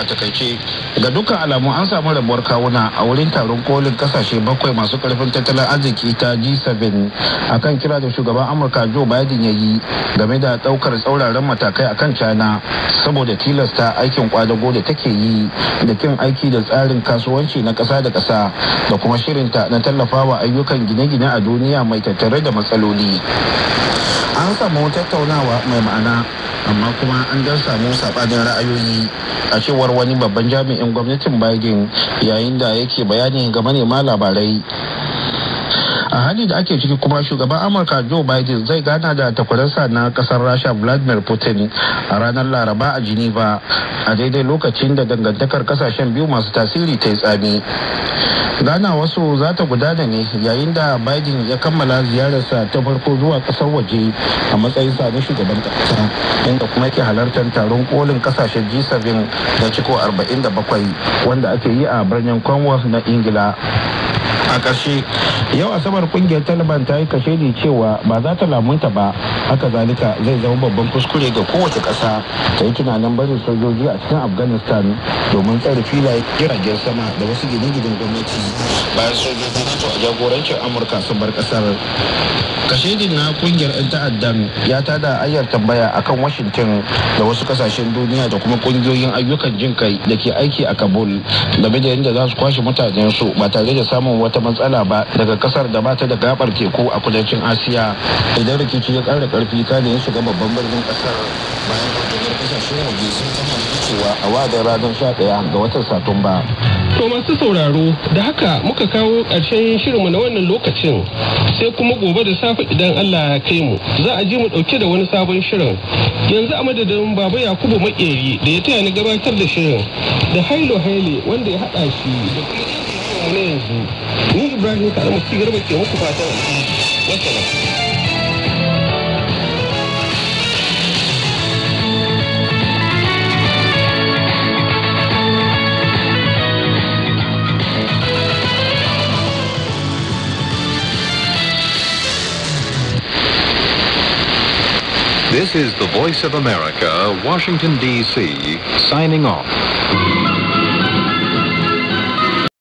a takaice ga dukkan alamu an samu rabuwar kawuna a wurin taron kolin kasashe bakwai masu karfin tattalin arziki ta g7 akan kira da shugaban amurka joe biden ya yi game da daukar tsauraran matakai akan china saboda tilasta aikin kwadago da take yi da kin aiki da tsarin kasuwanci na kasa da kasa da kuma shirinta na tallafawa ayyukan gine-gine a duniya mai tattare da matsaloli an samu tattaunawa mai ma'ana amma kuma an dan samu sabanin ra'ayoyi a cewar wani babban jami'in gwamnatin biden yayin da yake bayani ga manema labarai a hali da ake ciki kuma shugaban amurka joe biden zai gana da takwadarsa na kasar rasha vladimir putin a ranar laraba a geneva a daidai lokacin da dangantakar kasashen biyu masu tasiri ta yi tsami gana wasu za ta gudana ne yayin da biden ya kammala ziyararsa ta farko zuwa kasar waje a matsayinsa na shugaban kasa inda kuma ke halartar taron kolin kasashen g7 da ciko 47 wanda ake yi a birnin cornwall na ingila a ƙarshe yau asabar hukumar kungiyar taliban ta yi kashedi cewa ba za ta lamunta ba haka zalika zai zama babban kuskure ga kowace kasa ta yi tunanin barin sojoji a cikin afghanistan domin tsare filayen jiragen sama da wasu gine-ginen gwamnati bayan sojoji nato a jagorancin amurka sun bar ƙasar kashedin na kungiyar 'yan ta'addan ya tada ayyar tambaya akan washington da wasu kasashen duniya da kuma kungiyoyin ayyukan jin kai da ke aiki a kabul game da yadda za su kwashe mutanen su ba tare da samun wata matsala ba daga kasar da gabatar da gabar teku a kudancin asiya idan rikici ya kara karfi kada ya shiga babban birnin kasar bayan rundunar kasashen waje sun kama cewa a wadar ranar daya ga watan satumba To masu sauraro da haka muka kawo ƙarshen shirinmu na wannan lokacin sai kuma gobe da safe idan Allah ya kai mu za a je mu ɗauke da wani sabon shirin yanzu a madadin baba yakubu makeri da ya taya ni gabatar da shirin da hailo haile wanda ya hada shi da kuma This is the Voice of America, Washington, D.C., signing off.